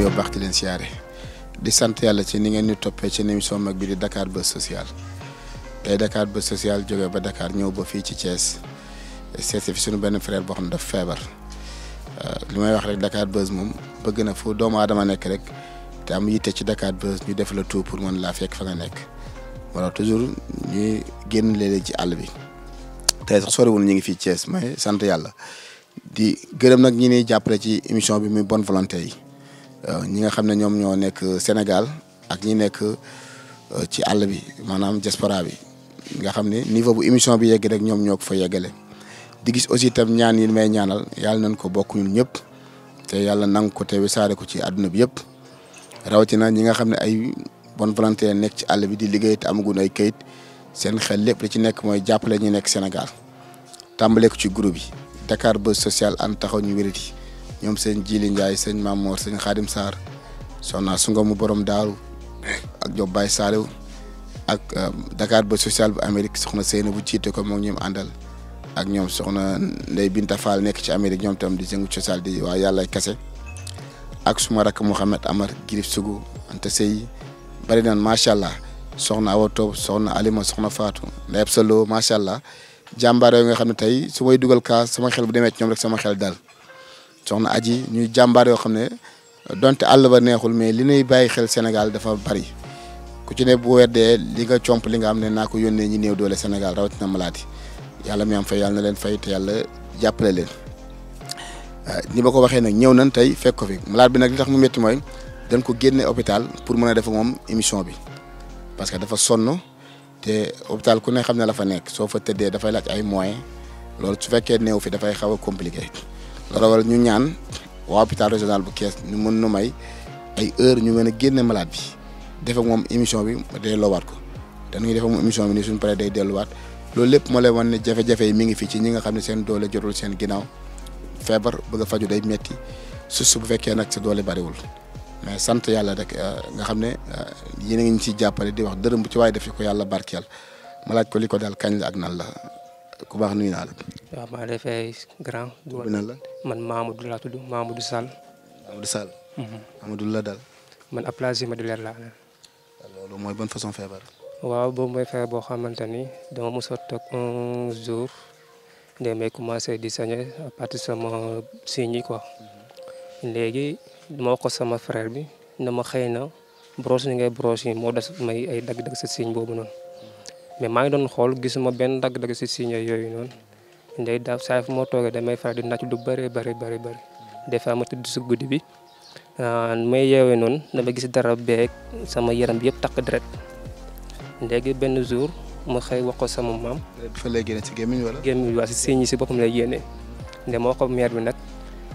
nuyoo baax di leen siyaare di sant yàlla ci ni ngeen ñu toppee ci émission mag bi di dakaar Buzz Social tey Dakar Buzz Social jógee ba dakaar ñëw ba fii ci cees seeti fi suñu benn frère boo xam ne daf feebar li may wax rek Dakar Buzz moom bëgg na foo doomu aadama nekk rek te am yitte ci Dakar Buzz ñu def la tout pour mën laa fekk fa nga nekk wala toujours ñuy génn léeg ci àll bi tey sax soriwul ñu ngi fii cees may sant yàlla di gërëm nag ñu ni jàppale ci émission bi muy bonne Euh, ñi nga xam ne ñoom ñoo nekk Sénégal ak ñi nekk euh, ci àll bi maanaam diaspora bi nga xam ne niveau bu émission bi yegg rek ñoom ñoo ko fa yeggale di gis aussi itam ñaan yi may ñaanal yàlla nañ ko bokk ñun ñëpp te yàlla nangu ko te wisaare ko ci àdduna bi yëpp rawatina ñi nga xam ne ay bon volonté nekk ci àll bi di liggéey te amaguñ ay kayit seen xel lépp li ci nekk mooy jàppale ñi nekk Sénégal tàmbale ko ci groupe yi Dakar Buzz sociale an taxaw ñu wérati ñoom seen Jili Ndiaye sëñ Mamor sëñ Xaadim saar soxna su mu borom daal ak Diop Baye Saliou ak um, Dakar ba sociale bu Amérique soxna seen bu jiite ko moom ñoom àndal ak ñoom soxna Ndey Binta Fall nekk ci Amérique ñoom tam di yëngu social di waa yàlla kese ak suma rakk Mouhamed Amar Girif Sougou Anta Sey bari naan macha allah soxna Awa soxna Alima soxna Fatou Ndeye Absa Lo allah jàmbaar yooyu nga xam ne tey su may dugal kaas sama xel bu demee ci ñoom rek sama xel dal. soxna aji ñuy jàmbaar yoo xam ne donte àll ba neexul mais li nuy bàyyi xel Sénégal dafa bari ku ci ne bu weddee li nga comp li nga xam ne naa ko yónnee ñi néew doole Sénégal rawatina malaati yàlla mi am fay yàlla na leen fay yàlla jàppale leen euh, ni ma ko waxee nag ñëw nañ tey fekk ko fi malaat bi nag li tax mu métti mooy dañ ko génne hôpital pour mën a def moom émission bi parce que dafa sonn te hôpital ku ne xam ne la fa nekk soo fa tëddee dafay laaj ay moyens loolu su fekkee new fi dafay xaw a compliqué. loolu waral ñu ñaan waa hôpital régional bu Kees ñu mën nu may ay ñu mën a génne malade bi def moom émission bi delloowaat ko dañuy def ak moom émission bi nii suñ paree day delluwaat loolu lépp moo lay wan ne jafe-jafe yi mi ngi fii ci ñi nga xam ne seen doole jotul seen ginnaaw feebar bëgg a faju day metti su bu fekkee nag sa doole bariwul mais sant yàlla rek euh, nga xam ne euh, yéen a ngi ñu ciy jàppale di wax dërëm bu ci waaye def ko yàlla barkeel ma laaj ko li ko daal kañ la ak nan la. ku baax nuyu naa la. waaw du ngi lay fay grand. bi nan la man Mamadou laa tudd Mamadou Sall. Mamadou Sall. Mhm. Mamadou la dal. man aplasie médullaire laa la. mooy bonne façon feebar. waaw boobu mooy feebar boo xamante ni dama mos a toog un jour ndey may commencé di sañe à partir sama signe yi quoi. Mhm. léegi ma wax ko sama frère bi na ma xëy na brosse ni ngay brosse moo des may ay dagg-dagg sa signe boobu noonu. mais maa ngi doon xool gisuma benn dagg-dagg si signe yooyu noonu ndey daa saa fu ma toogee damay faral di naaj lu bëri bëri bëri bëri fois ma tëdd si guddi bi ah, may yeewee noonu dama gis dara beeg sama yaram bi yëpp takk deret léegi benn jour ma xëy wax ko sama maam. fa lay génne si gémmiñ wala. gémmiñ waa si si boppam lay génne nde ko maire bi nag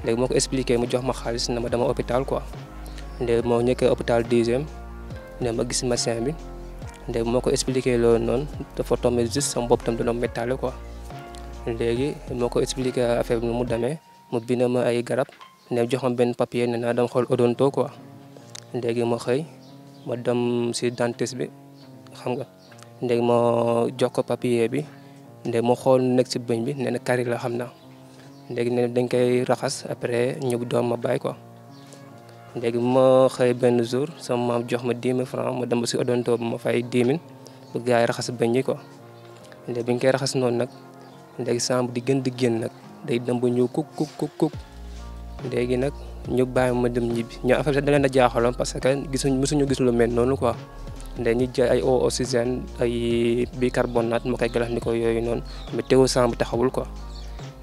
léegi moo ko expliqué mu jox ma xaalis na ma dama hôpital ko nde moo ñëkkee hôpital dixième ne gis masin bi. léegi moo ko expliqué loolu noonu dafa tombé juste sama bopp tam dina méttaale quoi léegi moo ko expliqué affaire bi nu mu demee mu bind ma ay garab ne jox benn papier ne naa dem xool odonto quoi léegi ma xëy ma dam si dentiste bi xam nga léegi ma jox ko papier bi léegi ma xool nekk si bëñ bi nee na kari la xam naa léegi ne dañ koy raxas après ñu doom ma baay quoi. léegi bu ma xëy benn jour sama maam jox ma 10 000 ma dem ba si odonto bu ma fay 10 000 bu gars yi raxas bañ yi quoi léegi bi ñu koy raxas noonu nag léegi sàmm di gën di génn nag day dem ba ñëw kuk kuk kuk kuk léegi nag ñu bàyyi ma dem ñibbi ñoo affaire sax da leen parce que gisuñ mësuñu gis lu mel noonu quoi léegi ñu jël ay eau oxygène ay bicarbonate ma koy galandikoo yooyu noonu mais teewul sàmm taxawul ko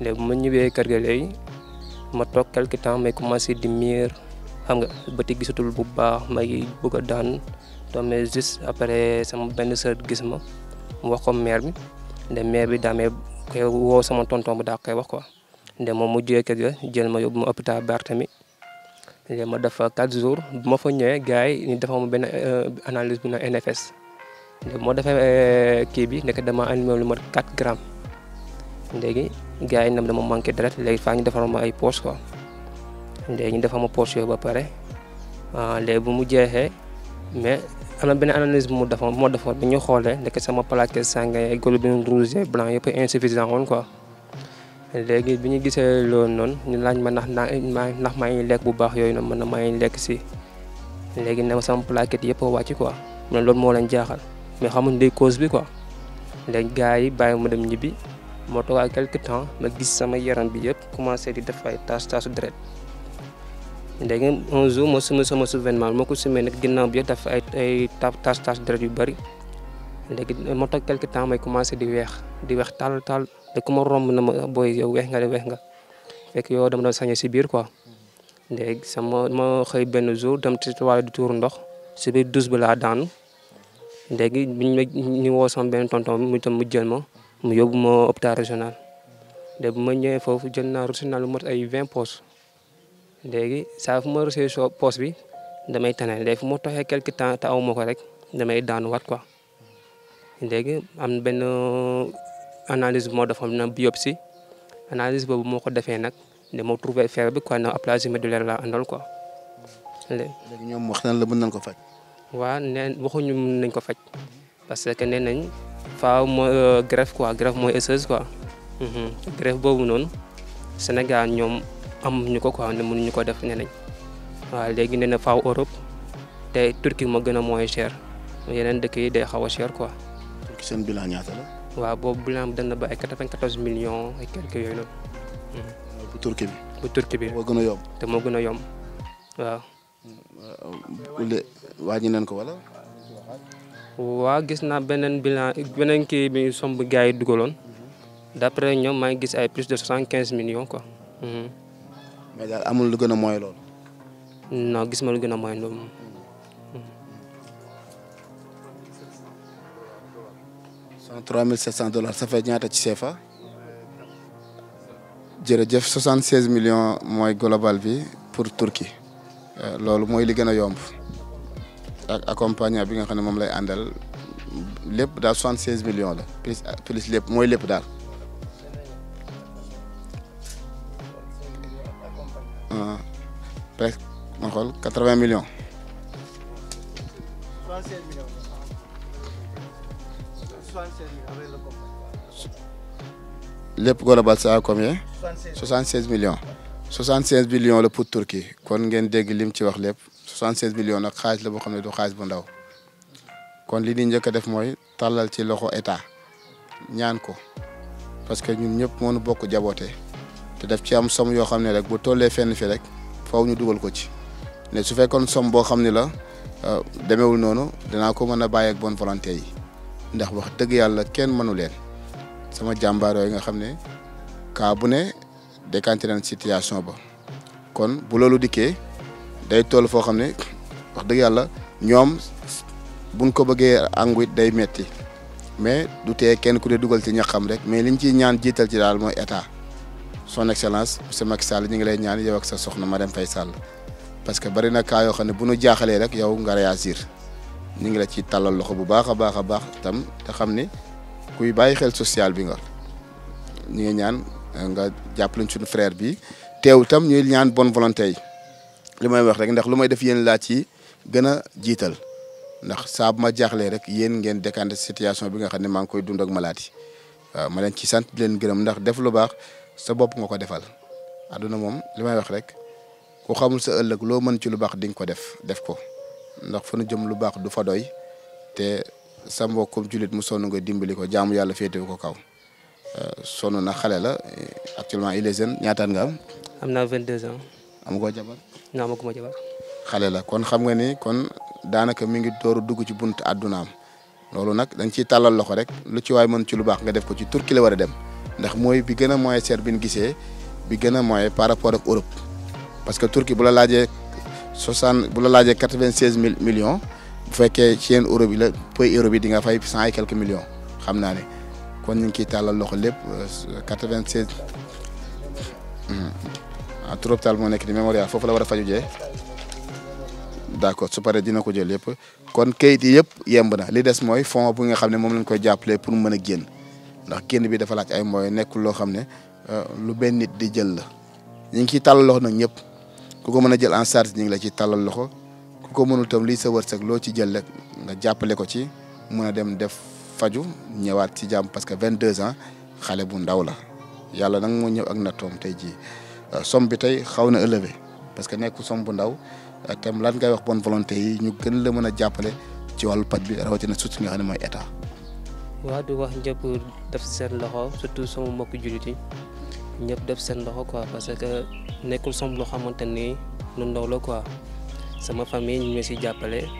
léegi bu ma ñibbee kër ga léegi ma toog quelque temps may commencé di miir. xam nga bëti gisatul bu baax may bëgg a daan to mais juste après sama benn sër gis ma mu wax ko maire bi nde maire bi daamee koy woo sama tonton bi daa koy wax ko nde moom mu jógee kër ga jël ma yóbbu ma hôpital Barthélemy léegi def fa 4 bu ma fa ñëwee gars yi ñu defal ma benn euh, analyse bu na NFS léegi moo defee euh, kii bi nekk dama animé lu ma 4 grammes léegi gars yi nam dama manqué deret léegi faa ñu defal ma ay poche quoi. léegi ñu defal ma poche yooyu ba pare ah, léegi bu mu jeexee mais am na benn analyse mu defoon moo defoon bi ñu xoolee nekk sama plaquette sanguine ay yëpp insuffisant woon quoi. léegi bi ñu gisee loolu noonu ñu laaj ma ndax naa ndax maa ngi lekk bu baax yooyu noonu man na maa ngi si léegi ne ma sama yëpp a quoi mais moo leen jaaxal mais xamuñ day cause bi quoi léegi gars yi bàyyi ma dem ñibbi moo toogaa quelque temps ma gis sama yaram bi yëpp commencé di def ay tache tache deret léegi un jour ma summi sama souvenement ma ko summee nag ginnaaw bi daf ay ay tas tas deret yu bëri léegi ma toog quelque temps may commencé di weex di weex taal taal de ku ma romb na ma booy yow weex nga de weex nga fekk yow dama doon sañe si biir quoi léegi sama ma xëy benn jour dem ci toile di tuur ndox si biir douche bi laa daanu léegi biñ ma ñu woo sama benn tonton bi mu tam mu jël ma mu yóbbu ma hôpital régional léegi bu ma ñëwee foofu jël naa route nationale lu mot ay vingt postes léegi saa fu ma rusee soo poos bi damay tane léegi fu ma toxee quelque temps te aw ma ko rek damay daanuwaat quoi léegi am benn analyse bu moo defoon na biopsie analyse boobu moo ko defee nag dama trouvé fer bi quoi na aplasie médullaire la àndal quoi. léegi ñoom wax nañ la mën nañ ko faj. waa nee waxuñu mën nañ ko faj parce que nee nañ faaw mooy euh, greffe quoi greffe mooy osseuse quoi mhm. greffe boobu noonu Sénégal ñoom. ñu ko ko ne mënuñu ko def ne nañ waaw léegi nee na faaw Europe te Turquie moo gën a mooy cher yeneen dëkk yi day xaw a cher quoi. Turquie seen bilan waaw boobu bilan dana ba ay quatre vingt bu Turquie bi. bu Turquie bi moo gën a yomb. te moo gën a yomb waaw. wàññi nañ ko wala. waa gis naa beneen bilan beneen kii bi somb gars yi duggaloon d'après ñoom maa ngi gis ay plus de soixante-quinze million ko mais daal amul lu gën a mooy loolu. non gis ma lu gën a mooy loolu. cent trois mille sept cent ñaata ci CFA. jërëjëf soixante seize million mooy global bi pour Turquie. Euh, loolu mooy li gën a yomb ak accompagnant bi nga xam ne moom lay àndal lépp daal soixante seize million la plus plus lépp mooy lépp daal. presque ma xool quatre vingt millions. lépp global ça a combien. soixante seize millions. soixante seize millions la pour Turquie kon ngeen dégg lim ci wax lépp soixante seize million nag xaalis la boo xam ne du xaalis bu ndaw kon li ñuy njëkk def mooy tàllal ci loxo état ñaan ko parce que ñun ñëpp moo bokk jaboote te daf ci am somme yoo xam ne rek bu tollee fenn fi rek. faw ñu dugal ko ci ne su fekkoon som boo xam ni la euh, demeewul noonu danaa ko mën a bàyyi bon bonne yi ndax wax dëgg yàlla kenn mënu leen sama jàmbaar yooyu nga xam ne kaa bu ne décanté nañ situation ba kon bu loolu dikkee day tool foo xam ne wax dëgg yàlla ñoom buñ ko bëggee àngu day metti mais du tee kenn ku dee dugal ci ñaxam rek mais liñ ciy ñaan jiital ci daal mooy état son excellence monsieur Macky Sall ñu ngi lay ñaan yow ak sa soxna ma dem Faye Sall parce que bari na cas yoo xam ne bu nu jaaxalee rek yow nga réagir ñu ngi la ci tàllal loxo bu baax a baax a baax tam te xam ni kuy bàyyi xel social bi nga ñu ngi ñaan nga jàppale suñu frère bi teew tam ñuy ñaan bon volonté yi li may wax rek ndax lu may def yéen laa ci gën a jiital ndax saa bu ma jaaxalee rek yéen ngeen décanté situation bi nga xam ne maa ngi koy dund ak malaat ma leen ci sant leen gërëm ndax def lu baax. sa bopp nga ko defal àdduna moom li may wax rek ku xamul sa ëllëg loo mën ci lu baax di nga ko def def ko ndax fu nu jëm lu baax du fa doy te sa mbokkum jullit mu sonn nga dimbali ko jaamu yàlla féetewu ko kaw euh, sonn na xale la euh, actuellement il est jeune ñaataan nga am. am naa 22 ans. am koo jabar. non amaguma jabar. xale la kon xam nga ni kon daanaka mi ngi door a dugg ci buntu àddunaam loolu nag dañ ciy tàllal loxo rek lu ci waay mën ci lu baax nga def ko ci turki la war a dem. ndax mooy bi gën a moyen cher bi ñu gisee bi gën a moyen par rapport ak Europe parce que Turquie bu la laajee soixante bu la laajee quatre vingt mille millions bu fekkee ci yenn euro bi la pays euro bi di nga fay cent et quelques millions xam naa ne kon ñu ngi ciy tàllal loxo lépp euh, quatre vingt hmm. ah, trop taal moo nekk di mémorial foofu la war a faju jee d'accord su paree dina ko jël yëpp kon kayit yëpp yemb na li des mooy fond bu nga xam ne moom lañ koy jàppalee pour mu mën a génn. ndax kenn bi dafa laaj ay mooy nekkul loo xam ne euh, lu benn nit di jël la ñu ngi ciy tàllal loxo nag ñëpp ku ko mën a jël en charge ñi ngi la ciy tàllal loxo ku ko mënul tam lii sa loo ci jël rek nga jàppale ko ci mën dem def faju ñëwaat ci jàmm parce que vingt 22 ans xale bu ndaw la yàlla nag moo ñëw ak nattoom tey jii euh, som bi tey xaw na élevé parce que nekkul som bu ndaw tam lan ngay wax bonne volonté yi ñu gën la mën a jàppale ci wàllu paj bi rawatina suuf si nga xam ne mooy état. waaw di wax ñëpp def seen loxo surtout sama mbokku jullit yi ñëpp def seen loxo quoi parce que nekkul som loo xamante nii lu ndaw loo quoi sama famille ñu ngi si jàppale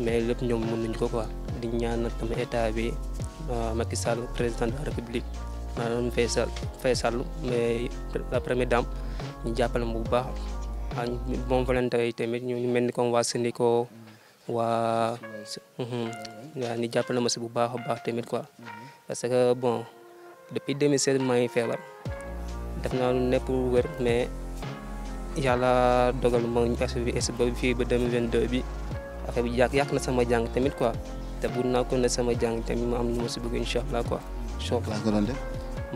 mais lépp ñoom mënuñ ko quoi di ñaanal tamit bi euh, Macky Sall président de la république maanaam Faye Sall Faye Sall mais la première dame ñu jàppale bu baax ak bon volonté yi tamit ñu mel ni comme waa Sénégal. waa waa mhm. ni jàppale ma si bu baax baax tamit quoi mhm. parce que bon depuis 2016 maa ngi feebar def naa lu nekk wér mais yàlla dogal ma est ba fii ba 2022 bi affaire bi yàq yàq na sama jàng tamit quoi te bu naa ko ne sama jàng tamit ma am lu ma si bëgg incha allah quoi. incha allah nga doon def.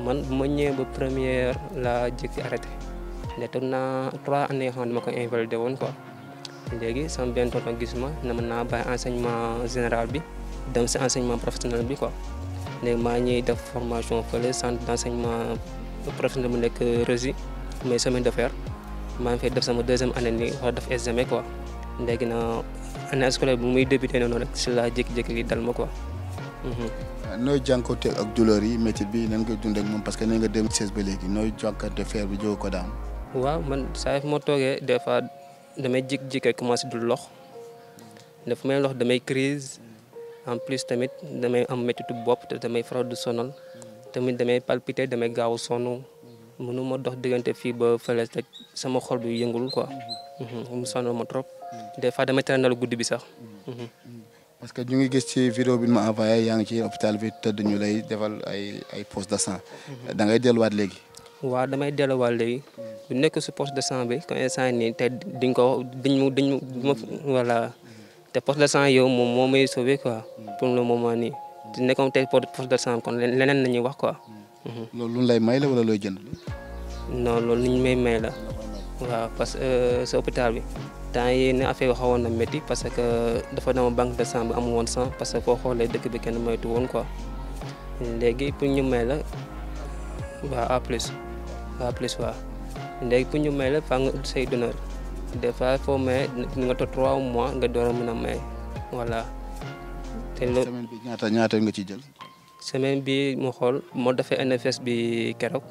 man bu ma ñëwee ba première la jëkk arrêté ne toog naa trois années yoo ne ma ko invalidé woon quoi. léegi sama benn tonton gis ma ne mën naa bàyyi enseignement général bi dem si enseignement professionnel bi quoi léegi maa def formation fële centre d' enseignement professionnel bu nekk Rési mais semaine de fer maa ngi fay def sama deuxième année nii war def examen ko léegi na année scolaire bi muy débuté noonu rek si la jékki-jékki li dal ma quoi. Mhm. nooy jànkuwuteel ak douleur yi métti bi nan nga dund ak moom parce que nee nga 2016 ba léegi nooy jànkuwante fer bi jóge ko daan. waaw man saa yu ma toogee des damay jékki-jékki commencé du lox dafa may lox damay crise en plus tamit damay am méttitu bopp te damay faral du tamit damay palpiter damay gaaw a sonn mënu ma dox diggante fii ba fële te sama xol bi yëngul ko mhm, mu sonal ma trop des fois damay tëral guddi bi sax. Mhm. parce que ñu ngi gis ci vidéo bi ma envoyé yaa ngi ci hôpital bi tëdd ñu lay defal ay ay pose de sang. Mhm. da delluwaat léegi. waaw damay delluwaat léegi bu nekk si poste de sang bi comme instant nii te diñ ko diñ mu diñ ma voilà te poste de sang yow moom moo may sauvé quoi pour le moment nii di nekkoon tey poste de sang kon leneen la ñuy wax quoi. Mhm. loolu lu lay may la wala looy jënd. non li ñu may may la parce que sa euh, hôpital bi temps yii ne affaire yi xawoon na parce que dafa dama banque de sang woon sang parce que foo xoolee dëkk bi kenn moytu woon quoi léegi pour ñu la plus. pas plus quoi léegi pour ñu may la faa nga say donneur des fois foo may nga toog trois mois nga door a mën a may voilà. te loolu semaine bi ñaata ñaata ci jël. semaine bi mu xool moo defee NFS bi keroog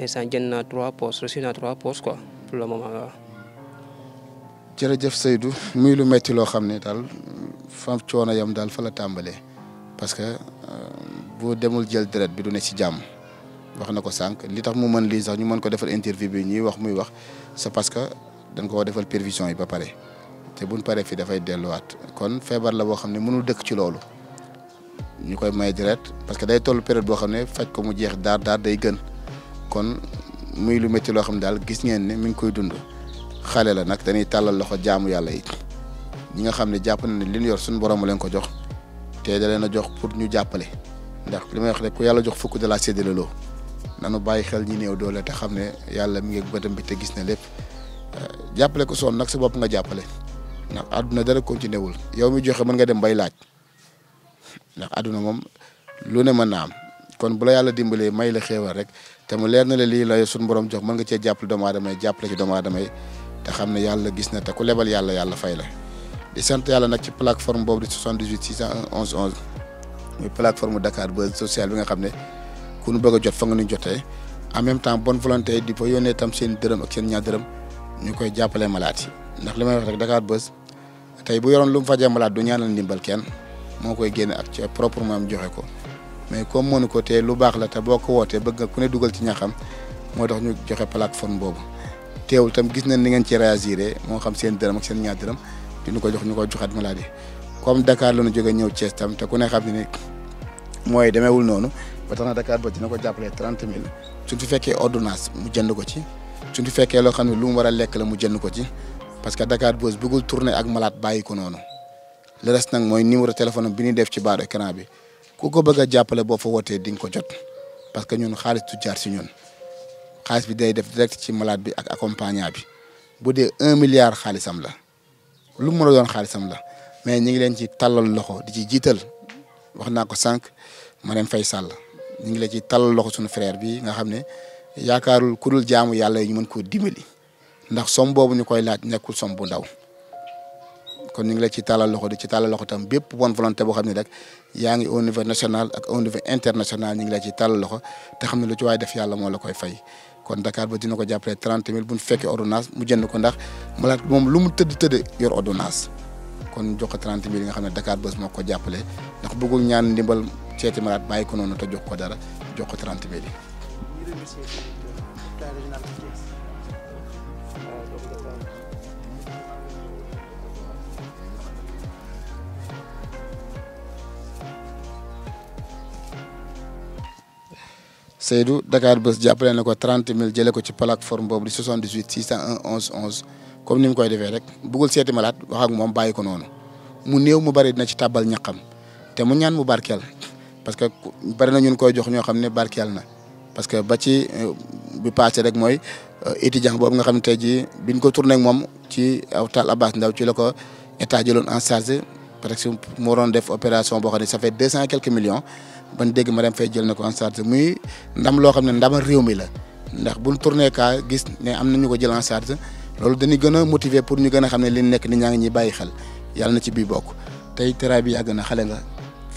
instant jënd naa trois postes reçu naa trois postes quoi pour le moment waaw. Seydou muy lu metti loo xam ne daal fa coono yam daal fa la tàmbalee parce que euh, boo demul jël deret bi du ne ci jàmm. wax na ko sànq li tax mu mën lii sax ñu mën ko defal interview bi ñuy wax muy wax c'est parce que dañ ko defal prévision yi ba pare te buñ paree fi dafay delluwaat kon feebar la boo xam ne mënul dëkk ci loolu ñu koy may deret parce que day tollu période boo xam ne faj ko mu jeex daar daar day gën kon muy lu métti loo xam ne daal gis ngeen ne mi ngi koy dund xale la nag dañuy tàllal loxo jaamu yàlla yi ñi nga xam ne jàpp na ne li ñu yor suñu borom leen ko jox te a jox pour ñu jàppale ndax li may wax rek ku yàlla jox fukk de la séddale nanu bàyyi xel ñi néew doole te xam ne yàlla mi ngi ba bëtam bi te gis na lépp jàppale ko soon nag sa bopp nga jàppale ndax àdduna dara continué wul yow mi joxe mën nga dem bay laaj ndax àdduna moom lu ne mën naa am kon bu la yàlla dimbalee may la xéewal rek te mu leer na la lii la suñu borom jox mën nga cee jàppale doomu aadama yi jàppale ci doomu aadama yi te xam ne yàlla gis na te ku lebal yàlla yàlla fay la di sant yàlla nag ci plateforme boobu di 78 611 11 muy plateforme Dakar Buzz social bi nga xam ne ku nu bëgg jot fa nga nu jotee en même temps bon volonté di fa yónnee tam seen dërëm ak seen ñaar dërëm ñu koy jàppale malaat yi ndax li may wax rek Dakar Buzz tey bu yoroon lu mu malaat du ñaanal ndimbal kenn moo koy génne ak ci propre joxe ko mais comme mënu ko te lu baax la te boo ko wootee bëgg ku ne dugal ci ñaxam moo tax ñu joxe plateforme boobu teewul tam gis nañ ni ngeen ci réagir moo xam seen dërëm ak seen ñaar dërëm dinu ko jox ñu koy joxaat maladie comme Dakar la ñu ñëw cees tam te ku ne xam ne ni mooy demeewul noonu ba tax na Dakar ba dina ko jàppale trente mille suñ fi fekkee ordonnance mu jënd ko ci suñ fi fekkee loo xam ne lu mu war a lekk la mu jënd ko ci parce que Dakar Buzz bëggul tourner ak malade bàyyi ko noonu le reste nag mooy numéro téléphone bi ñuy def ci baaru écran bi ku ko bëgg a jàppale boo fa wootee di nga ko jot parce que ñun xaalis du jaar si ñun xaalis bi day def direct ci malade bi ak accompagnant bi bu dee un milliard xaalisam la lu mu mën a doon xaalisam la mais ñu ngi leen ci tàllal loxo di ci jiital wax naa ko sànq Marème fay sàll ñu ngi la ci talal sunu suñu bi nga xam ne yaakaarul ku dul jaamu yàlla yi ñu mën koo dimbali ndax som boobu ñu koy laaj nekkul som bu ndaw kon ñu ngi la ci talal loxo di ci talal loxo tam bépp bonne volonté boo xam ne rek yaa ngi au niveau national ak international ñu ngi la ci talal loxo te xam ne lu ci waay def yàlla moo la koy fay kon Dakar ba dina ko jàppale trente mille bu ñu fekkee ordonnance mu jënd ko ndax malade moom lu mu tëdd tëdd yor ordonnance kon jox ko trente mille nga xam ne Dakar Buzz moo ko jàppale ndax bëggul ñaan ndimbal. seeti malade bàyyi ko noonu te jox ko dara jox ko 30 mille. Seydou Dakar Buzz jàppale na ko 30 000 jëlee ko ci plateforme boobu di 78 601 11 11 comme ni mu koy defee rek bëggul seeti malaat wax ak moom bàyyi ko noonu mu néew mu bari dina ci tàbbal ñaqam te mu ñaan mu barkeel. parce que barina na ñun koy jox ñoo xam ne barkeel na parce que ba ci euh, bi passé rek mooy étudiant euh, boobu nga xam ne tey jii biñ ko tourné ak moom ci aw taal Abbas Ndaw ci la ko état jëloon en charge par exemple moo doon def opération boo xam ne ça fait deux cent et quelques millions ban dégg ma dem fay jël na ko en charge muy ndam loo xam ne ndamal réew mi la ndax buñ tourné ka gis ne am na ñu ko jël en charge loolu dañuy gën a motiver pour ñu gën a xam ne li nekk ni ñaa ngi ñuy bàyyi xel yàlla na ci bii bokk tey teraay bi yàgg na xale nga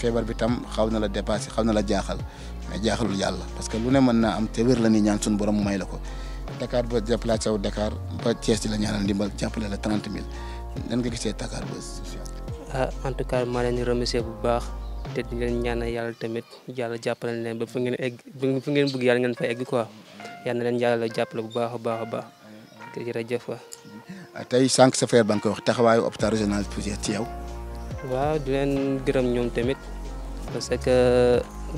feebar bi tam xaw na la dépassé xaw na la jaaxal mais jaaxalul yàlla parce que lu ne mën naa am te wér la ni ñaan suñu borom may la ko Dakar ba déplacé wu Dakar ba Thiès di la ñaanal ndimbal jàppale la trente mille nan nga gisee Dakar Buzz. Ah, en tout cas maa leen di remercier bu baax te di leen yàlla jàppale leen ba fu ngeen egg fu ngeen bëgg yàlla na leen bu baax a baax a baax jërëjëf waay. Ah, tey sànq sa frère ba ci yow. waaw di leen gërëm ñoom tamit. parce que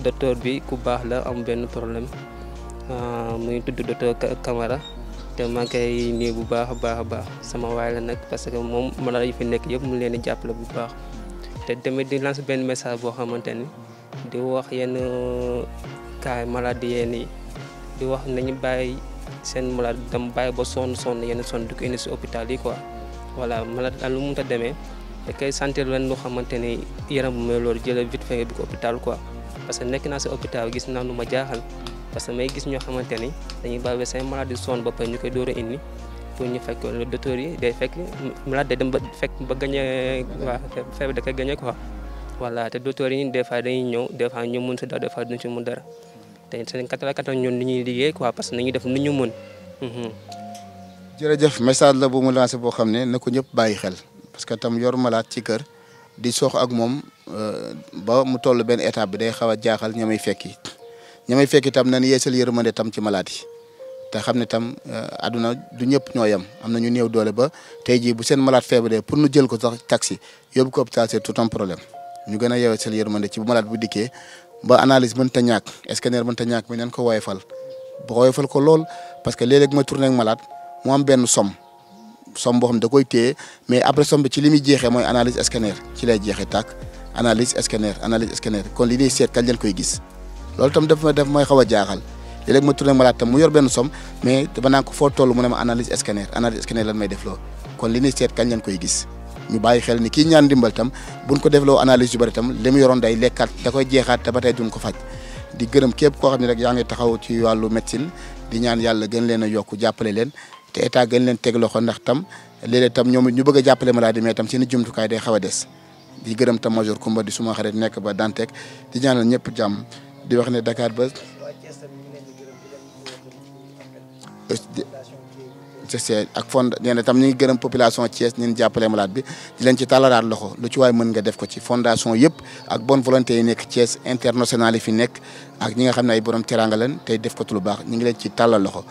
docteur bi ku baax la am benn problème ah, muy tudd docteur Camara te maa ngi nii bu baax a baax a baax sama waay la nag parce que moom malade yi fi nekk yëpp mu leen di jàppale bu baax te tamit di lancer benn message boo xamante ni di wax yenn kaay malade yeen yi di wax nañu bàyyi seen malade dem bàyyi ba sonn sonn yenn sonn du ko indi si hôpital yi quoi voilà malade lu mu ta demee da koy sentir leen lu xamante ni yaram bu may loolu jëlee vite fait nga bi ko parce que nekk naa si hôpital gis naa lu ma jaaxal parce que may gis ñoo xamante ni dañuy bawee say maladie sonn ba pare ñu koy door a indi pour ñu fekk yi day fekk malade day dem ba fekk ba gañee waa feebar da koy gañee quoi voilà te docteur yi des dañuy ñëw des fois ñu mun si dara des fois mun dara te seen kattan ñun ni ñuy liggéey quoi parce que nañuy def ni ñu mun mhm. jërëjëf message la bu mu lancé boo xam ne na ko ñëpp bàyyi xel parce que tam yor malaat ci kër di soox ak moom euh, ba mu toll benn état bi day xaw a jaaxal ñamay fekki ñamay fekki tam nañ yeesal yërmande tam ci malaat te xam ne tam euh, àdduna du ñëpp ñoo yem am na ñu néew doole ba tey jii bu seen malaat feebaree pour nu jël ko sax taxi yóbbu ko hôpital c'est tout un problème ñu gën a yeesal yërmande ci bu malaat bu dikkee ba analyse mënta ñàkk scanner mënta ñàkk mais nañ ko woyofal woyofal ko lool parce que léeg-léeg ma tourné ak malaat mu am benn somme somme boo xam da koy téye mais après somme ci li muy jeexee mooy analyse scanner ci lay jeexe tàkk analyse scanner analyse scanner kon li ñuy seet kañ leen koy gis loolu itam daf may daf may a jaaxal léeg-léeg ma tourné malaat mu yor benn somme mais dama naan ko foo toll mu ne ma analyse scanner analyse scanner may def loo kon li ñuy leen koy gis ñu bàyyi xel ni kii ñaan ndimbal tam buñ ko defloo analyse yu bëri tam li mu yoroon day lekkaat da koy jeexaat te ba tey ko faj di gërëm képp koo xam ne rek yaa ngi taxaw ci wàllu médecine di ñaan yàlla gën leen a yokk jàppale leen te état gën leen teg loxo ndax tam léeg tam ñoom ñu bëgg a jàppale malade mais tam seen jumtukaay day xaw a des di gërëm tam major Kumba di suma xarit nekk ba Dantec di ñaanal ñëpp jàmm di wax ne Dakar ba Thiès ak fond nee na tam ñu ngi gërëm population Thiès ñu jàppale malaat bi di leen ci tàllalaat loxo lu ci waay mën nga def ko ci fondation yëpp ak bonne volonté yi nekk Thiès international yi fi nekk ak ñi nga xam ne ay borom teraanga leen tey def ko lu baax ñu ngi leen ci tàllal loxo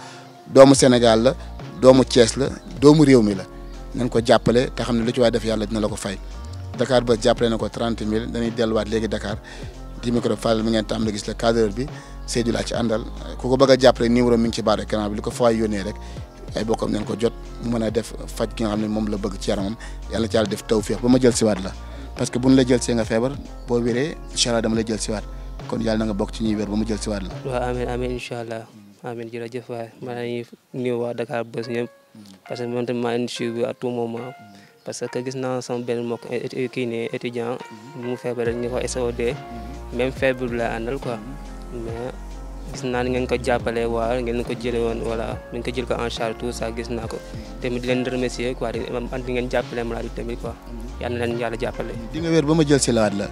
doomu Sénégal la doomu Thiès la doomu réew mi la nañ ko jàppale te xam ne lu ci waay def yàlla dina la ko fay Dakar ba jàppale na ko trente mille dañuy delluwaat léegi Dakar di micro Fadel mi ngeen tam gis la cadreur bi Seydou laa ci àndal ku ko bëgg a jàppale mi ngi ci barre bi li ko fay yónnee rek ay bokkam nañ ko jot mu mën a def faj gi nga xam ne moom la bëgg ci yaramam yàlla ci yàlla def tawféex ba ma jël siwaat la parce que buñ la jël see nga feebar boo wéree incha allah dama la jël siwaat kon yàlla na nga bokk ci ñuy wér ba ma jël siwaat la. amiin jërëjëf waay maa ngi nuyu waa Dakar Buzz ñëpp parce que man tamit maa ngi suivre à tout moment parce que gis naa sama benn mbokk eh, eh, kii nii étudiant bu mu feebare ñu ko SOD même feebar bi laa àndal quoi gis naa ni ngeen ko jàppale waa ngeen ko jëlee woon voilà ngeen ko jël ko en charge tout ça gis naa ko tamit di leen remercier quoi di ngeen jàppale malade yi tamit quoi yal na leen yàlla jàppale. di nga wér ba ma jël si lawaat la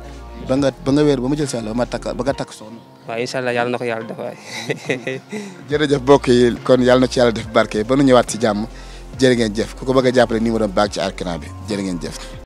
ba nga ba nga wér ba ma jël si lawaat la ba ma takk ba nga tak soon waaw incha allah yàlla na ko yàlla def waay. jërëjëf mbokk yi kon yàlla na ci yàlla def barke ba nu ñëwaat ci jàmm jërë ngeen jëf ku ko bëgg a jàppale numéro baag ci arkiran bi jërë ngeen jëf.